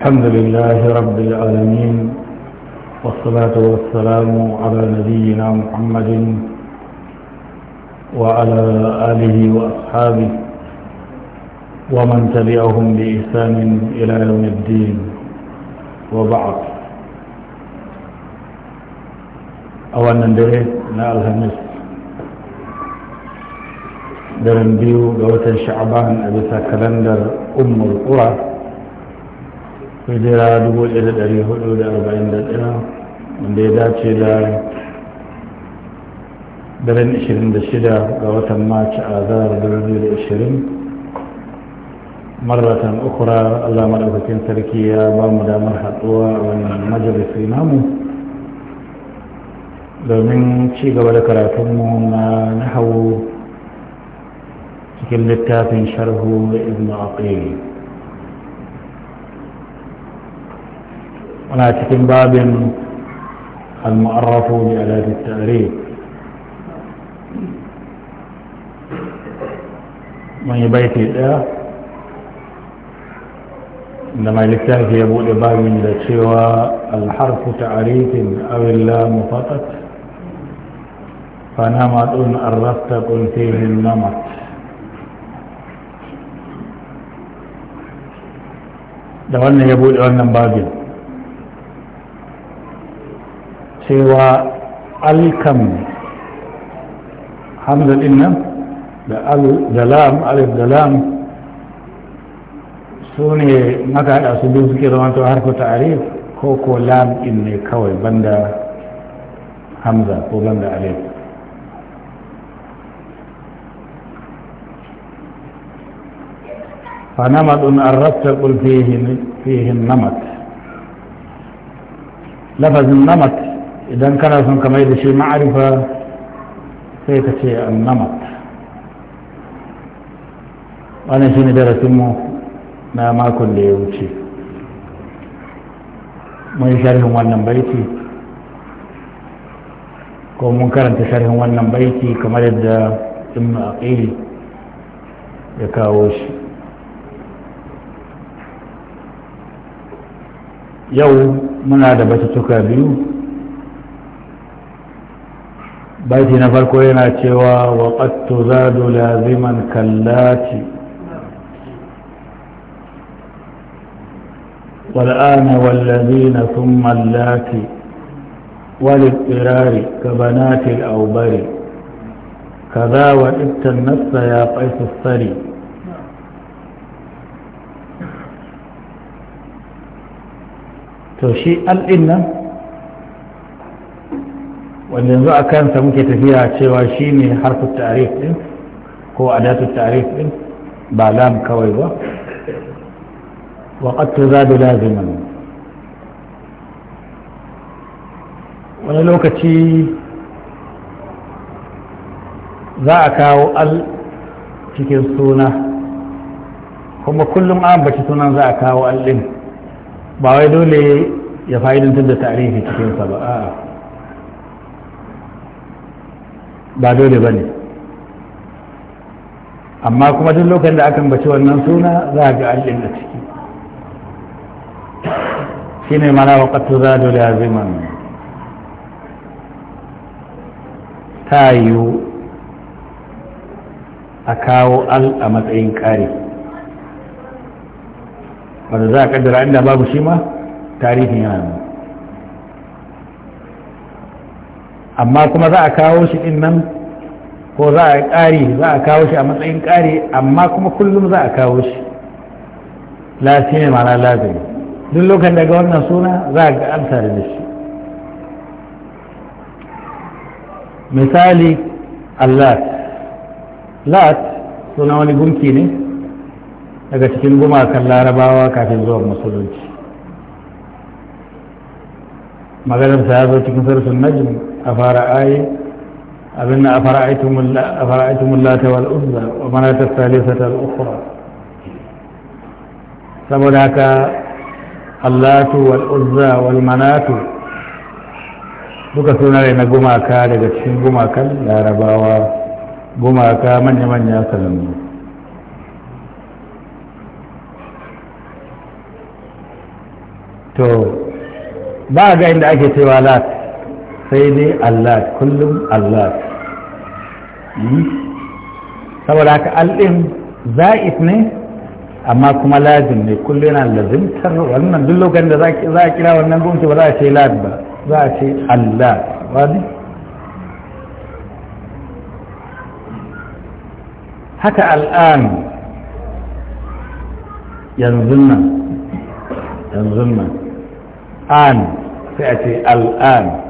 الحمد لله رب العالمين والصلاة والسلام على نبينا محمد وعلى آله وأصحابه ومن تبعهم بإحسان إلى يوم الدين وبعض أولا ندري لا الهمس درن بيو شعبان أبي كالندر أم القرى kujera 1441 wanda ya dace da daren 26 ga watan maci a zarar 2020 maratan ukura allah maɗaukakin sarki ya ba mu damar haɗuwa a wannan majalisi namu domin ci gaba da karatunmu na nahawu cikin littafin sharhu ibn aqil وانا تكن باب المعرف لألات التاريخ من يبيت إياه عندما يلتان في أبو الإباب من الشيوى الحرف تعريف أو اللام فقط فنمت إن أردت قل فيه النمط دعونا يبو الإباب من سوى الكم حمزة الإن دلام ألف دلام سوني مكا أصدق ذكر وانت أعرف تعريف كوكو لام إني كوي بندا حمزة هو بندا ألف فنمط أردت قل فيه فيه النمط لفظ النمط idan kana son kamar da shi ma'arifa sai ka ce annamat wannan shi ne darasinmu na makon da ya wuce mun sharhin wannan baiti ko mun karanta sharhin wannan baiti kamar yadda ibn aqil ya kawo shi yau muna da batutuka biyu بيتي نفر farko yana وقد تزاد لازما كاللاتي والآن والذين ثم اللاتي والاضطرار كبنات الأوبر كذا وإبت النفس يا قيس الثري تشيء الإنم wanda yanzu a kansa muke tafiya cewa shi ne harfin tarif din ko adatun tarif din ba lam kawai ba وقد تزاد لازما wani lokaci za a kawo al cikin suna kuma kullum an baci sunan za a kawo al ɗin ba wai dole ya fa'idantar da tarihi cikinsa ba a'a ba dole ba ne amma kuma duk lokacin da aka ambaci wannan suna za a ga alɗin da ciki shi ne mana waƙatu za dole aziman ta yiwu a kawo al a matsayin kare wanda za a kaddara inda babu shi ma tarihin yana amma kuma za a kawo shi din nan ko za a ƙari za a kawo shi a matsayin ƙari amma kuma kullum za a kawo shi lafi ne mana lazimi duk lokacin daga wannan suna za a ga amsa da shi misali allat lat suna wani gunki ne daga cikin gumakan larabawa kafin zuwa musulunci maganar sa ya zo cikin sarfin najmi أبن أفرأيتم, أفرأيتم اللات والأزى saboda الثالثة الأخرى سبداك اللات والأزى والمناة duka suna na gumaka daga cikin gumakan larabawa gumaka manya-manya salamu to ba ga inda ake cewa lati sai dai allah kullum allah saboda haka al'im za'if ne amma kuma lazim ne kullum yana lazimtar wannan duk lokacin da za a kira wannan gumci ba za a ce lad ba za a ce allah wani haka al'an yanzu nan yanzu nan an sai a ce al'an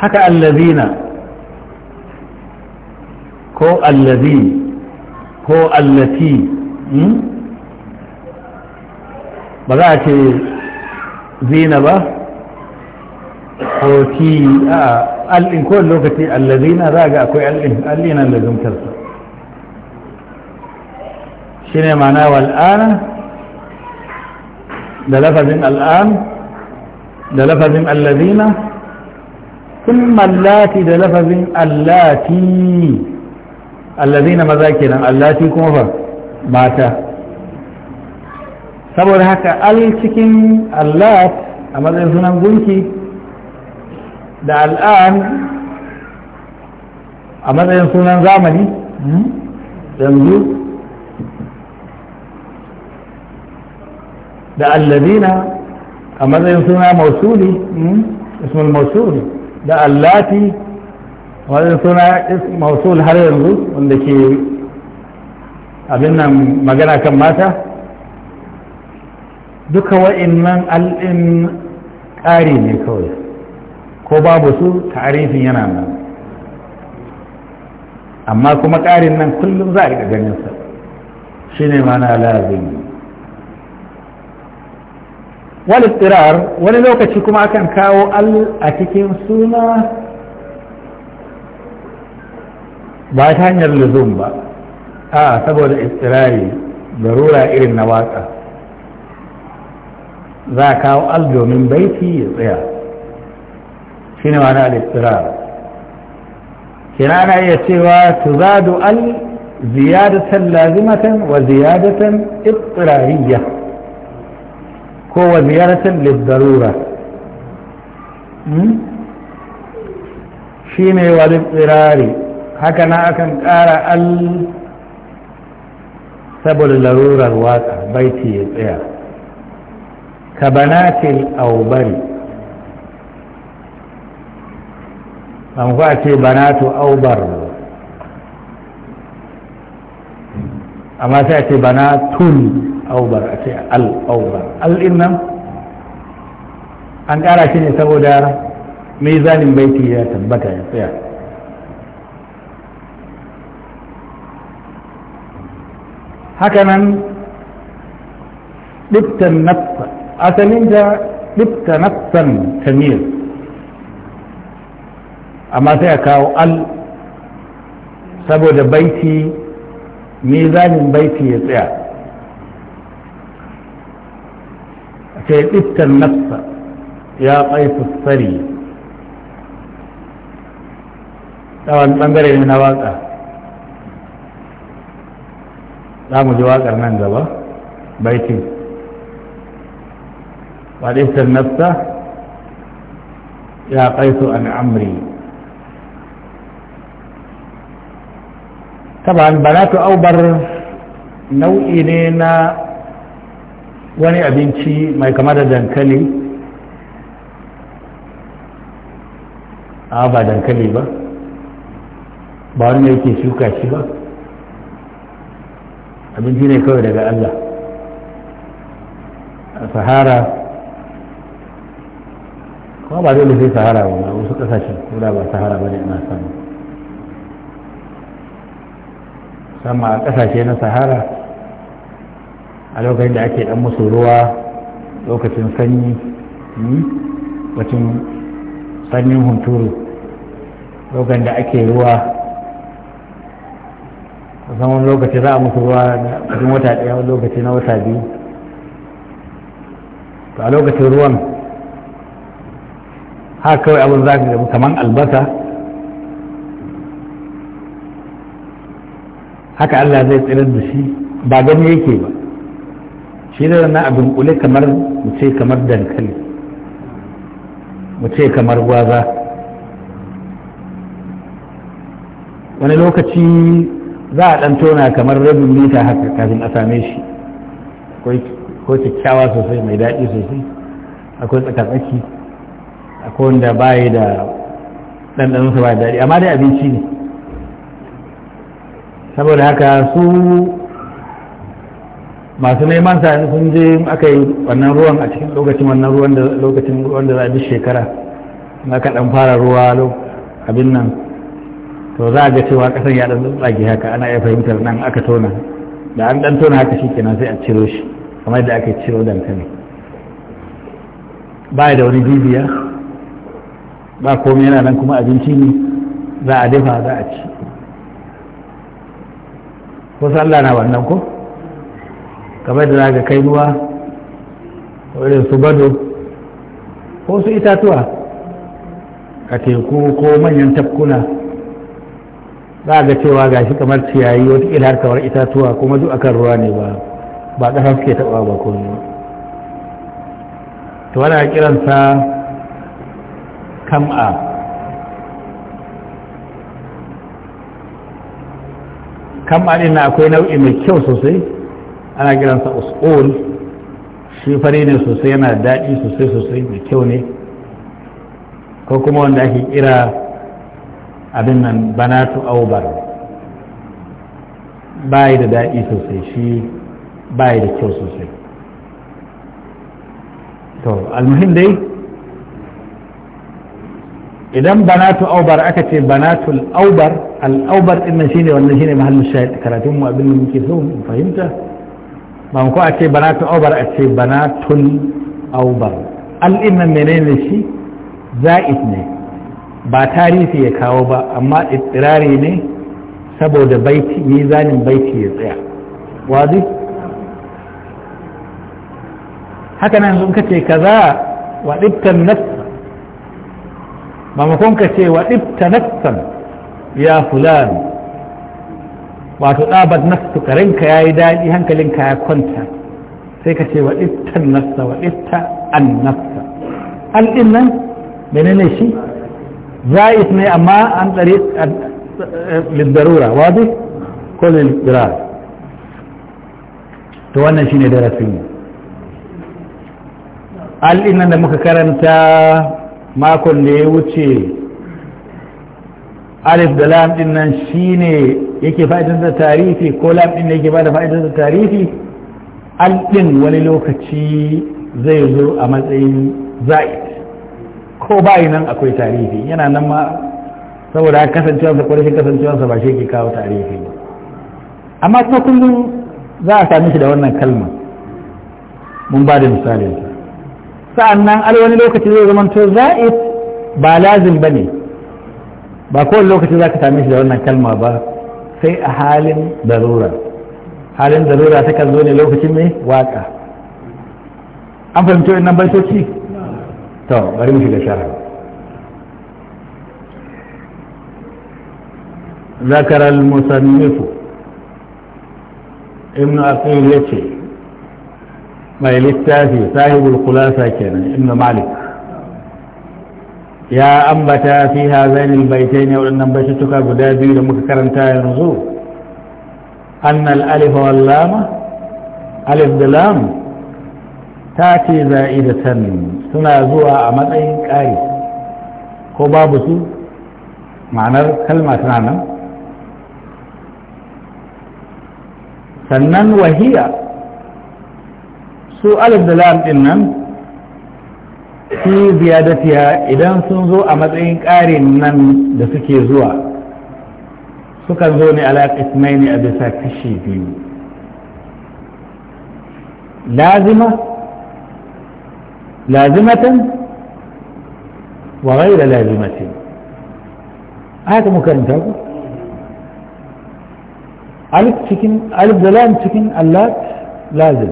haka allazina ko allazi ko allati hmm? ba za a ce zina ba ko ki a al'in kowane lokaci allazina za ga akwai al'inan da zumtarsa shi ne mana wal'ana da lafazin al'an da lafazin allazina ثم اللاتي ده لفظ اللاتي الذين maza kenan allati kuma fa mata saboda haka al cikin allat a matsayin sunan gunki da al'an a matsayin sunan zamani hmm, yanzu da allazina a matsayin suna mausuli hmm, ismul da allati wani suna mausul har yanzu wanda ke abin nan magana kan mata duka wa'innan al'in ƙari ne kawai ko babu su tarifin yana nan amma kuma ƙarin nan kullum za a riƙa ganin sa shine mana lazimi wal istirar wani lokaci kuma akan kawo al a cikin suna ba ta hanyar luzum ba a saboda istirari darura irin na waka za a kawo al domin baiti ya tsaya shi iya cewa tuzadu al ziyadatan lazimatan wa ziyadatan istirariya ko wa ziyaratin lizarura hmm? shi ne wa tsirari haka na akan ƙara al saboda larurar waka baiti ya tsaya ka banatil aubari an kwa ce banatu aubar amma sai a ce banatun أو أتي الأوبر الإمام أن أرى شيء يسوى ميزان بيتي يا تبتا يا فيا هكذا لبت النفس أتنين جاء لبت تمير أما سيكاو أل سبو بيتي ميزان بيتي يا فيا كيبت النفس يا قيس الصري طبعا بنغري من واقع لا مجواقع من ذا بيتي وليس النفس يا قيس عن عمري طبعا بنات أوبر نوئي لنا wani abinci mai kama da dankali a ba dankali ba ba wani yake shuka shi ba abinci ne kawai daga Allah a sahara kuma ba dole sai sahara ba wasu kasashen kura ba sahara ba ne ana samu sama a kasashe na sahara a lokacin da ake dan musu ruwa lokacin sanyi hmm, lokacin sanyin hunturu lokacin da ake ruwa kusan saman lokaci za a musu ruwa cikin wata ɗaya wani lokaci na wata biyu to a lokacin ruwan haka kawai abin za ka gabu kamar albasa haka Allah zai tsirar da shi ba gani yake ba shi da na abin kule kamar mu ce kamar dankali mu ce kamar gwaza wani lokaci za a ɗan tona kamar rabin mita haka kafin a same shi ko kyakkyawa sosai mai daɗi sosai akwai tsakatsaki akwai wanda bayi da ɗanɗanonsa ba daɗi amma dai abinci ne saboda haka su masu neman sa sun je aka yi wannan ruwan a cikin lokacin wannan ruwan da lokacin wanda za a bi shekara na ka dan fara ruwa abin nan to za a ga cewa kasan ya dan tsage haka ana iya fahimtar nan aka tona da an dan tona haka shikenan sai a ciro shi kamar da aka ciro dankali ba da wani bibiya ba komai yana nan kuma abinci ne za a dafa za a ci ko sallah na wannan ko kamar da zaga kai ruwa wurin su bado ko su itatuwa a teku ko manyan tafkuna za ga cewa gashi kamar ciyayi wata ilar kawar itatuwa kuma duk akan ruwa ne ba ba ƙasa suke taɓa ba ko ne to wani kiransa kam'a kam'a ɗin na akwai nau'i mai kyau sosai ana kiransa us'ul shi fari ne sosai yana daɗi sosai sosai da kyau ne ko kuma wanda ake kira abin nan banatu aubar bayi da daɗi sosai shi bayi da kyau sosai to almuhim dai idan banatu aubar aka ce banatu aubar al'aubar ɗin nan shine wannan shine mahallin karatun mu abin da muke so mu fahimta ba ko a ce banatun aubar a ce bana tun aubar al'imman menene shi za'id ne ba tarihi ya kawo ba amma ittirari ne saboda baiti mizanin baiti ya tsaya wazi haka nan sun kace kaza wa dibtan nafsa ba makon ka ce wa dibta nafsan ya fulani wato tsabar nafsu karenka ya yi daɗi hankalinka ya kwanta sai ka ce wa itta nafsa wa ifta an nafsa al'in nan menene shi za'is ne amma an tsare eh, lidarura wadi ko lidirar to wannan shine darasin al'in nan da muka karanta makon da ya wuce alif da lam din nan shine yake fa'idan da tarifi ko lamɗin din yake bada fa'idan da tarifi al wani lokaci zai zo a matsayin za'id ko bayi nan akwai tarifi yana nan ma saboda kasancewarsa ko rashin kasancewarsa ba shi ke kawo tarifi ba amma kuma kullum za a sami shi da wannan kalma mun ba da misalin sa'an nan lokaci zai zama to za'id ba lazim ba ne ba kowane lokaci za ka same shi da wannan kalma ba sai a halin darura halin darura ta kan zo ne lokacin mai waka an fahimci wannan baitoci to bari mu shiga shara ذكر المصنف ابن عقيل يتي mai littafi sahibul kulasa kenan ibn malik يا أنبتا في هذين البيتين يقول أن أنبتتك قدابي لمك كرمتا ينزو أن الألف واللام ألف دلام تاتي زائدة تنازوها أمدئين كأي هو معنى كلمة نعنى سنن وهي سؤال الدلام إنن fi ziyadatiha idan sun zo a matsayin ƙarin nan da suke zuwa sukan zo ne ala qismaini a bisa kashi biyu lazima lazimatan wa ghayra lazimatin haka muka rinta ku alif cikin alif da lam cikin allat lazim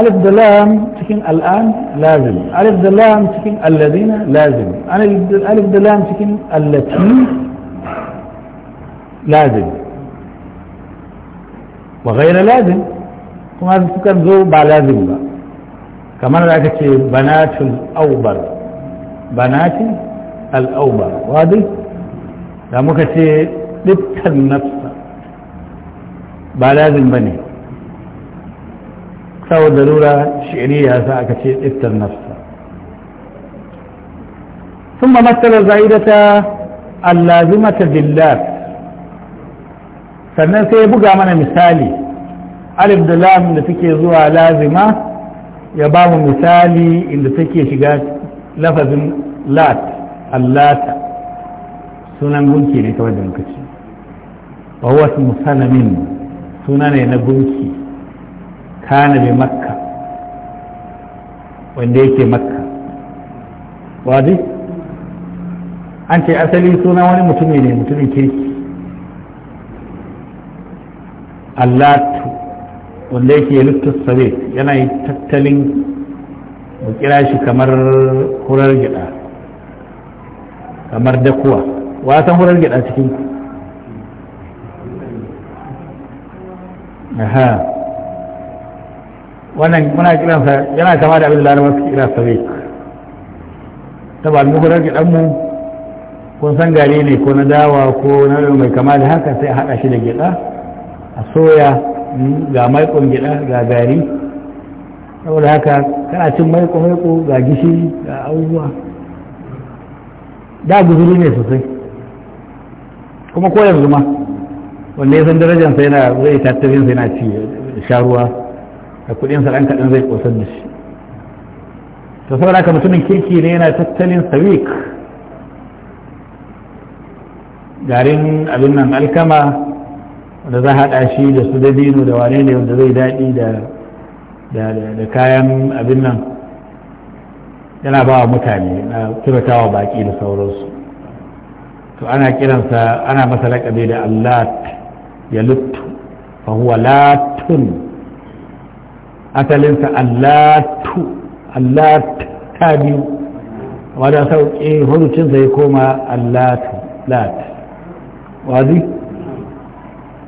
ألف دلام تكين الآن لازم ألف دلام تكين الذين لازم ألف دلام تكين التي لازم وغير لازم كما تكن زو با لازم با كما رأيك بنات الأوبر بنات الأوبر وهذه لما مكتي لتنفس با لازم بني saboda lura shi'riya sa aka ce iftar nafsa ثم مثل الزائدة اللازمة بالله sannan sai ya buga mana misali alif da lam da take zuwa lazima ya ba mu misali inda take shiga lafazin lat allata sunan gunki ne ta wajen kaci wa wasu musanamin suna ne na gunki kana bi makka wanda yake makka wadi an ce asali suna wani mutumi ne mutumin kirki allatu wanda yake luttus sabe yana yi tattalin mu kira shi kamar hurar gida kamar dakuwa wasan hurar gida cikin aha wannan muna kiransa yana kama da abin da larabar suke kira sabi ta ba mu kurar gidanmu kun san gari ne ko na dawa ko na mai kama da haka sai a haɗa shi da gida a soya hmm, ga maikon gida ga gari saboda haka kana cin maiko maiko ga gishi ga abubuwa da guzuri ne sosai kuma ko yanzu ma wanda ya san darajarsa yana zai sai na ci sharuwa da kudin sa kaɗan zai kosar da shi to saboda haka mutumin kirki ne yana tattalin sawik garin abin nan alkama da za haɗa shi da su dabino da wane ne wanda zai daɗi da kayan abin nan yana ba wa mutane na kiratawa baƙi da sauransu to ana kiransa ana masa laƙabi da allat ya luttu fa huwa latun asalinsa allatu allat ta biyu wadda sauƙi hurucinsa ya koma allatu lat wazi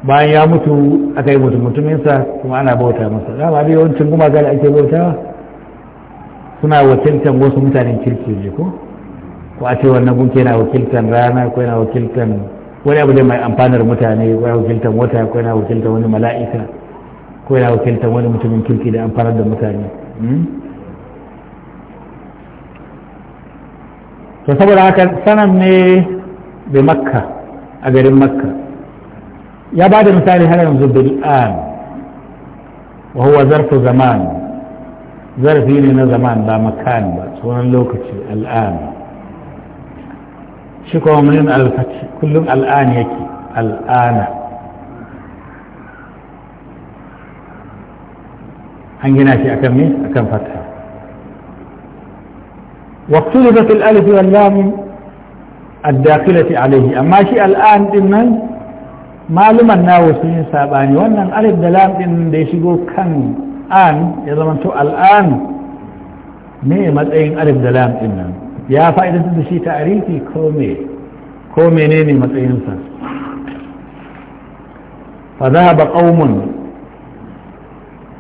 bayan ya mutu aka yi mutum mutuminsa kuma ana bauta masa ba da yawancin kuma da ake bautawa suna wakiltan wasu mutanen kirki ne ko ko a ce wannan gunke na wakiltan rana ko yana wakiltan wani abu da mai amfanar mutane ko yana wakiltan wata ko yana wakiltan wani mala'ika ko yana wakiltar wani mutumin kirki da an farar da mutane to saboda haka sanan ne bai makka a garin makka ya ba da misali har yanzu bil'an wa huwa zarfu zaman zarfi ne na zaman ba makan ba tsohon lokaci al'an shi kuma munin alfati kullum al'an yake al'ana an gina shi akan me akan fatha waqtulibat al-alif wal lam al-dakhilati alayhi amma shi al'an din nan maluman nawo sun yi sabani wannan alif da lam din da ya shigo kan an ya zama al'an ne matsayin alif da lam din nan ya fa'idan da shi ta'rifi ko me ko menene matsayinsa ba قوم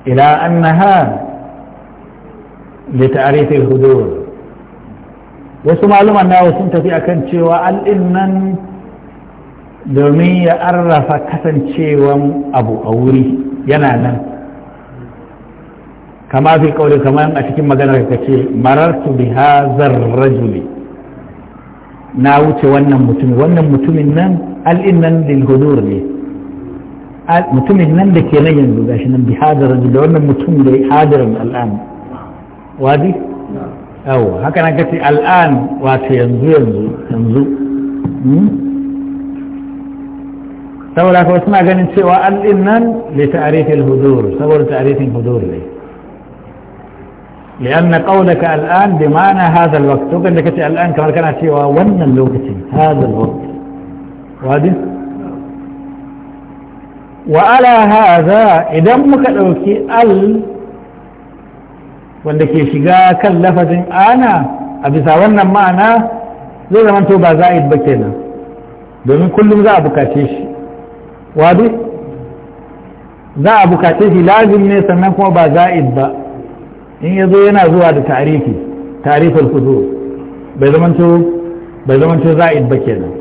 إلى أنها لتعريف الحدود wasu maluman nawa sun tafi akan cewa al'in nan domin ya arrafa kasancewan abu a wuri yana nan kama fi kauri kamar a cikin maganar ka ce marartu bi hazar rajuli na wuce wannan mutumin wannan mutumin nan al'in nan ne mutumin nan da ke nan yanzu gashi nan bi hadarin da wannan mutum da ya hadarin al'an wadi yau haka nan kace al'an wato yanzu yanzu yanzu saboda kawai suna ganin cewa al'in nan li ta'rifil hudur saboda ta'rifin hudur ne لأن قولك الآن بمعنى هذا الوقت تقول لك الآن كما كانت سوى ون الوقت هذا الوقت واضح wa ala haza idan muka ɗauki al wanda ke shiga kan lafazin ana a bisa wannan ma'ana zai zamanto ba za'id ba kenan domin kullum za a bukace shi wadu za a bukace shi lazim ne sannan kuma ba za'id ba in ya zo yana zuwa da tarifi tarifin hudu bai zamanto bai zamanto za'id ba kenan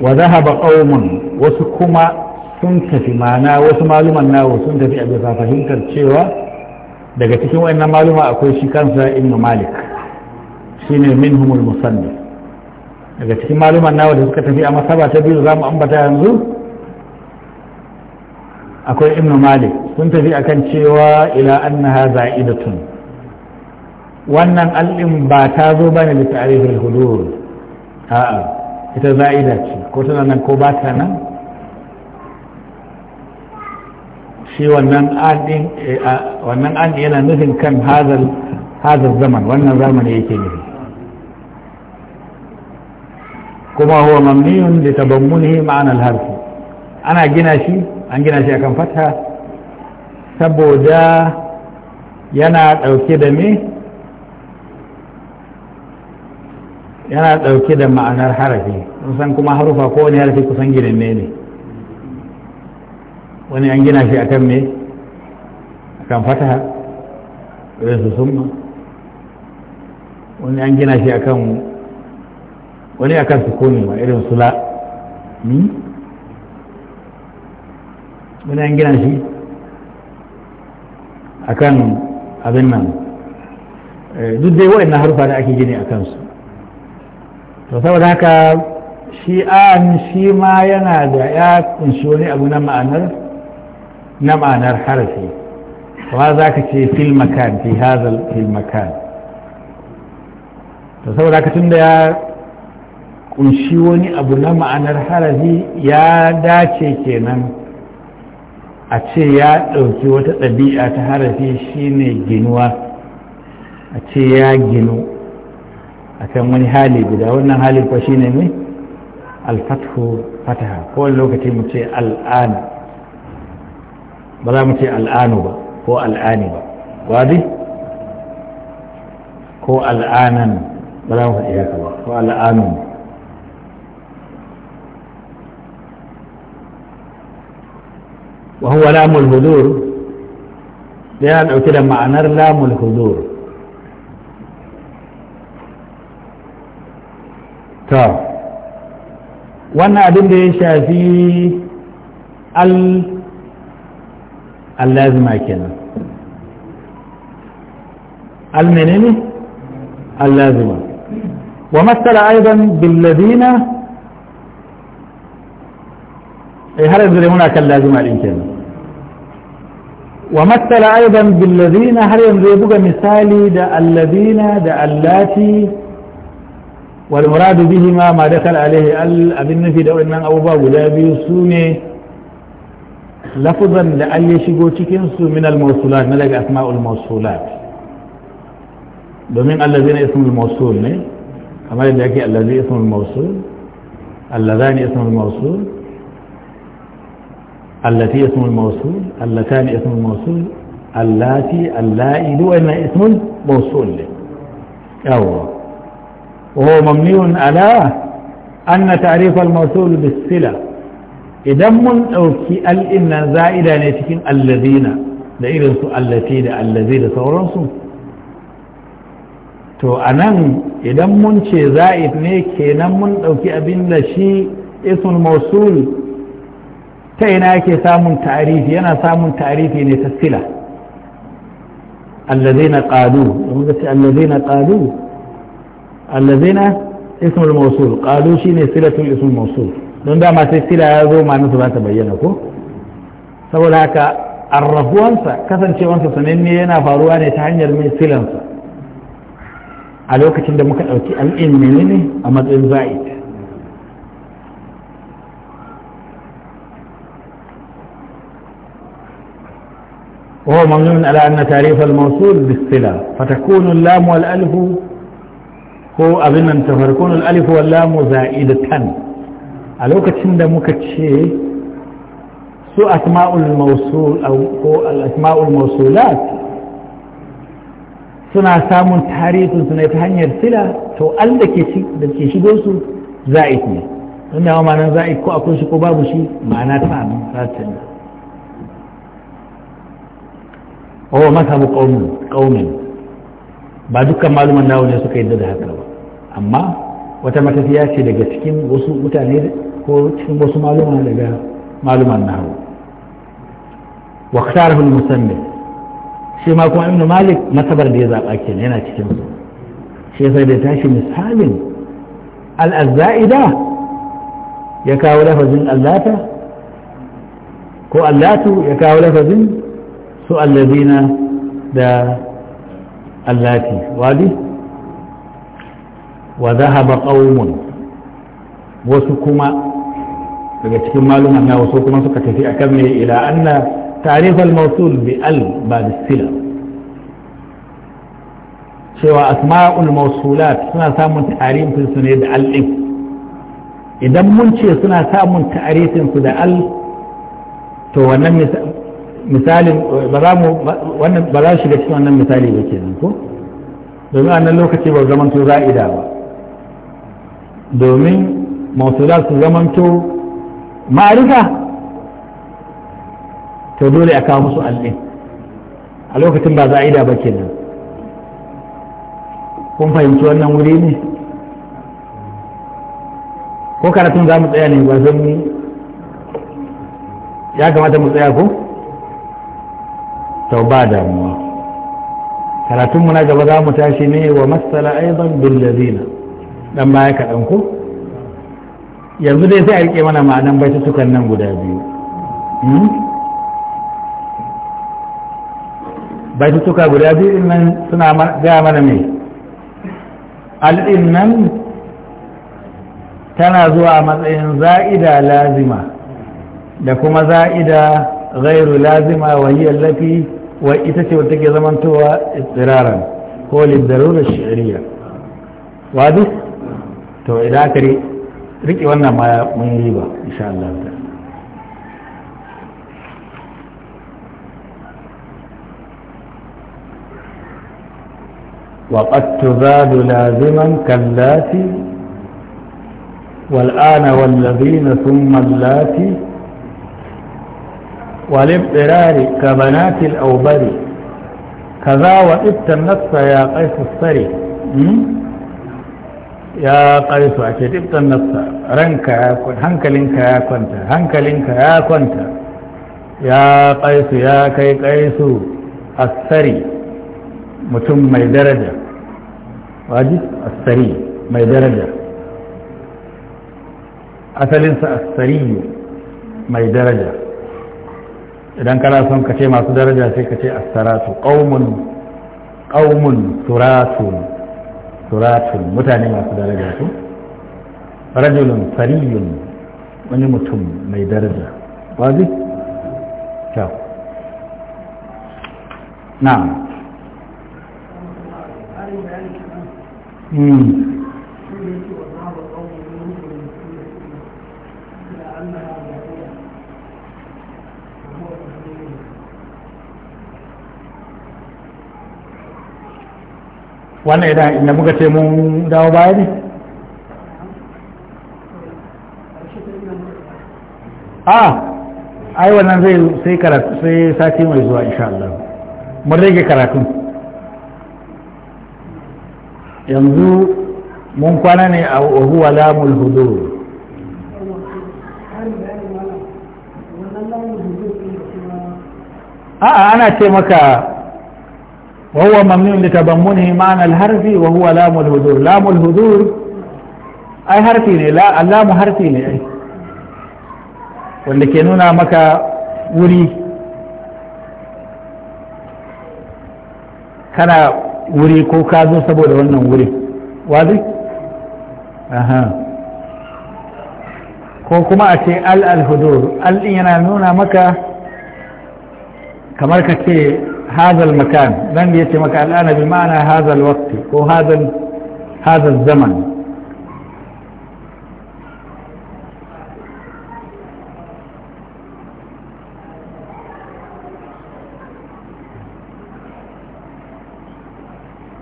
wa zahaba qaumun wasu kuma sun tafi mana wasu maluman nawo sun tafi a bisa fahimtar cewa daga cikin wayannan maluma akwai shi kansa ibn malik shine minhumul musannif daga cikin maluman nawo da suka tafi a masaba ta biyu zamu ambata yanzu akwai ibn malik sun tafi akan cewa ila annaha za'idatun wannan al'im ba ta zo bane da ta'rifil hudur a'a ita za'ida ce ko tana nan ko ba ta nan shi wannan adin eh, yana nufin kan hazal zaman wannan zamani yake nufi kuma huwa mamniyun li tabammunihi ma'ana al ana gina shi an gina shi akan fata saboda yana ɗauke da me yana ɗauke da ma'anar harafi kusan kuma harufa ko wani harafi kusan ginin ne wani an gina shi akan me akan fataha irin su summa wani an gina shi akan wani akan sukuni ma irin sula hmm? wani an gina shi akan abin nan eh, duk dai na harufa da ake gini a kansu to saboda haka shi an shi ma yana da ya kunshi wani abu na ma'anar na ma'anar harafi kuma za ka ce fil makan fi hazal fil makan to saboda haka tunda ya kunshi wani abu na ma'anar harafi ya dace kenan a ce ya ɗauki wata ɗabi'a ta harafi shine ginuwa a ce ya ginu a kan wani hali guda wannan hali kuwa shi ne alfathu fataha ko wani lokaci mu ce al'an ba za mu ce al'anu ba ko al'ani ba wadi ko al'anan ba za mu faɗi haka ba ko al'anun وهو لام الهدور لأن أكد معنى لام الهدور ta wannan abin da ya shafi al allazima kenan al menene allazima wa matsala aidan billadina eh, har yanzu dai muna kan lazima din kenan ومثل أيضا بالذين هل ينذبك مثالي دا الذين دا اللاتي والمراد بهما ما دخل عليه الابن في دو ان ابوبا غدا بيو سوني لفظا لاي شيغو تشيكن سو من الموصولات ملك اسماء الموصولات دومين الذين اسم الموصول ني كما يجي الذي اسم الموصول اللذان اسم الموصول التي اسم الموصول اللتان اسم الموصول اللاتي اللائي دو ان اسم الموصول ايوه وهو مبني على أن تعريف الموصول بالصلة إذا من أوكي الإن زائدة نتكين الذين دائرين سوء التي دا الذين سوران سوء to a nan idan mun ce za'id ne kenan mun ɗauki abin da shi isul mausul ta ina yake samun tarifi yana samun tarifi ne ta sila allazina qalu ce الذين اسم الموصول قالوا شيني سلة الاسم الموصول لن دعما تستيلا هذا ما نتبع تبينك سأقول هكا الرفوان سا كثن شيء وانسا سنيني ينا فاروان يتحنير من سلة سا على وقت عندما كان أوكي الإن منيني أما الإن زائد وهو ممنون على أن تعريف الموصول بالسلة فتكون اللام والألف ko abin nan tafarkun al'alif wallamu za'idatan a lokacin da muka ce su asma'ul mausul ko mausulat suna samun tarihin su ne ta hanyar sila to al da ke shigo su za'id ne wanda ma ma'anar za'id ko akwai shi ko babu shi ma'ana ta nan ta canza o masabu ƙaunin ba dukkan maluman nawo ne suka yi da haka ba amma wata matafiya ce daga cikin wasu mutane ko cikin wasu maluma daga maluman nahu wa kharahul musammi shi ma kuma ibnu malik masabar da ya zaɓa ke yana cikin su shi sai da tashi misalin al-azza'ida ya kawo lafazin allata ko allatu ya kawo lafazin su allazina da allati wadi wa zahaba qaumun wasu kuma daga cikin maluman na wasu kuma suka tafi a akan me ila anna ta'rif al-mawsul bi al ba sila cewa asma'ul mawsulat suna samun ta'rifin su ne da al idan mun ce suna samun ta'rifin su da al to wannan misalin ba za mu wannan ba za shiga cikin wannan misali ba kenan ko domin a nan lokaci ba zaman to za'ida ba domin mausulat su zamanto ma'arifa to dole a kawo musu allin a lokacin ba za a yi da ba kenan kun fahimci wannan wuri ne ko karatun za mu tsaya ne ba zan ya kamata mu tsaya ko to ba damuwa karatunmu na gaba za mu tashi ne wa matsala aizan billazina dan baya kaɗan ko yanzu dai sai a rike mana ma'anan baitutukan nan guda biyu hmm? baitutuka guda biyu nan suna gaya mana mai al'in nan tana zuwa matsayin za'ida lazima da kuma za'ida غير لازمة ita ce وإتتي ke zamantowa اضطرارا ko للضرورة الشعرية واضح؟ to idan aka rike wannan ma mun yi ba insha Allah ta'ala وقد تزاد لازما كاللاتي والآن والذين ثم اللاتي والاضطرار كبنات الأوبري كذا وإبت النفس يا قيس السري ya ƙarfi a ce tiftan nafsa ranka ya kwanta hankalinka ya kwanta hankalinka ya kwanta ya ƙarfi ya kai a asari mutum mai daraja waji asari mai daraja asalinsa asari mai daraja idan kana son ka ce masu daraja sai ka ce asaratu ƙaumun ƙaumun suratu. suratun mutane masu daraja su rajulun fariyun wani mutum mai daraja wazi? kyau na'am hmm. wannan idan inda muka ce mun dawo baya ne a ai wannan zai sai karatu sai sati mai zuwa insha Allah mun rage karatun yanzu mun kwana ne a huwa lamul hudur a'a ana ce maka وهو ممنوع لتضمنه معنى الحرف وهو لام الهدور لام الهدور أي حرفي لا اللام حرفي ne wanda ke nuna maka wuri kana wuri ko ka saboda wannan wuri wazi? ko kuma a ce al hudur al yana nuna maka kamar ka ce هذا المكان لن يتمك الآن بمعنى هذا الوقت وهذا هذا الزمن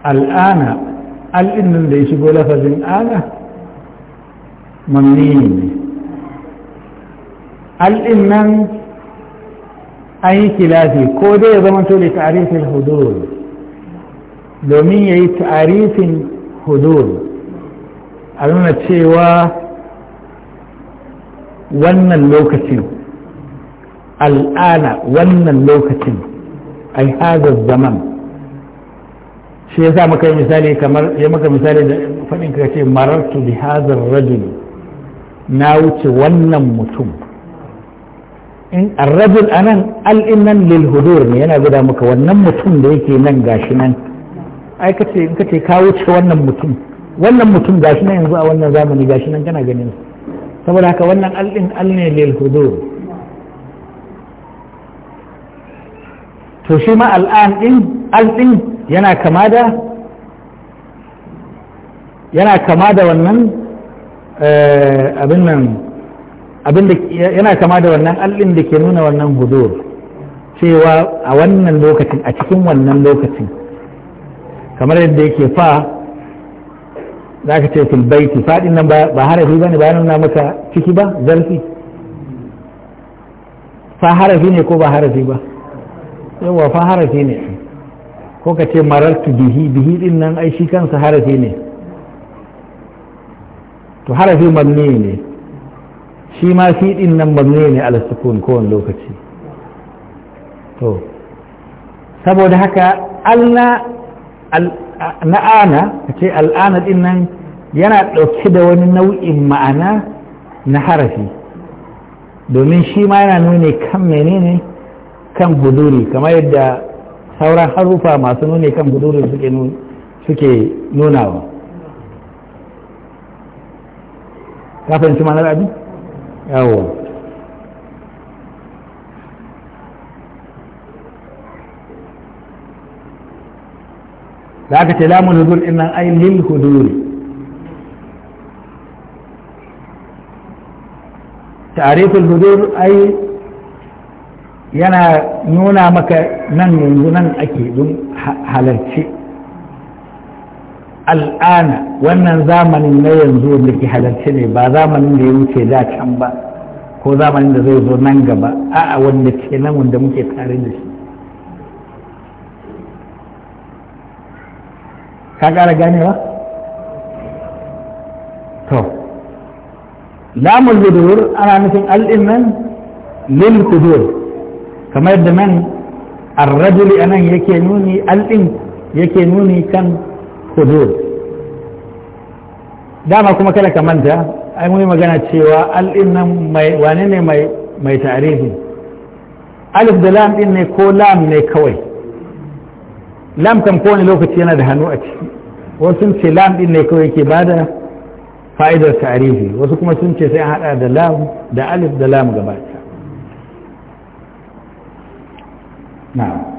الآن الإن اللي يشبه لفظ الآن ممنين الإنن an yi kilafi ko dai ya zama to da ta'arifin hudur domin ya yi ta'arifin hudur a nuna cewa wannan lokacin al'ana wannan lokacin ai haza zaman shi ya sa maka misali kamar ya maka misali da faɗin ka ce tu bi hazar rajul na wuce wannan mutum in arrajul anan al'innan lil hudur ne yana guda maka wannan mutum da yake nan gashi nan ai kace in kace ka wuce wannan mutum wannan mutum gashi nan yanzu a wannan zamani gashi nan kana ganin saboda haka wannan al'in al ne lil hudur to shi ma al'an din al yana kama da yana kama da wannan eh, abin nan abinda yana kama da wannan allin da ke nuna wannan hudur cewa a wannan lokacin a cikin wannan lokacin kamar yadda yake fa za ka ce filbaiti faɗin nan ba harafi ba ne ba nuna maka ciki ba zarfi fa harafi ne ko ba harafi ba yawa fa harafi ne ko ka ce marartu bihi bihi din nan ai shi kansa harafi ne to harafi manne ne shi ma fi din nan zai ne ala sukun kowane lokaci to saboda haka alna na'ana ce al'ana din nan yana ɗauke da wani nau'in ma'ana na harafi domin shi ma yana nuni kan menene kan guduri kamar yadda sauran harufa masu nuni kan guduri suke nunawa kafin shi abin yawo da aka ce lamun hudur din nan lil huduri ai yana nuna maka nan yanzu nan ake don halarci al'ana wannan zamanin na yanzu da ke halarci ne ba zamanin da ya wuce da can ba ko zamanin da zai zo nan gaba a'a wanda ke nan wanda muke tare da shi ka ƙara ganewa? to lamun ludur ana nufin al'in nan lil kudur kamar da man arrajuli anan yake nuni al'in yake nuni kan hudur dama kuma kada ka manta ai mun magana cewa al'innan mai wane ne mai mai tarihi alif da lam din ne ko lam ne kawai lam kan wani lokaci yana da hannu a ciki wasu sun ce lam din ne kawai ba bada fa'idar tarihi wasu kuma sun ce sai an hada da lam da alif da lam gaba na'am